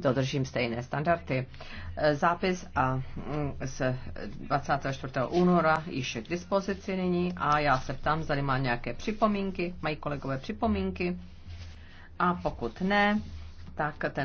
dodržím stejné standardy. Zápis a mm, z 24. února již je k dispozici nyní a já se ptám, zda má nějaké připomínky, mají kolegové připomínky a pokud ne, tak tento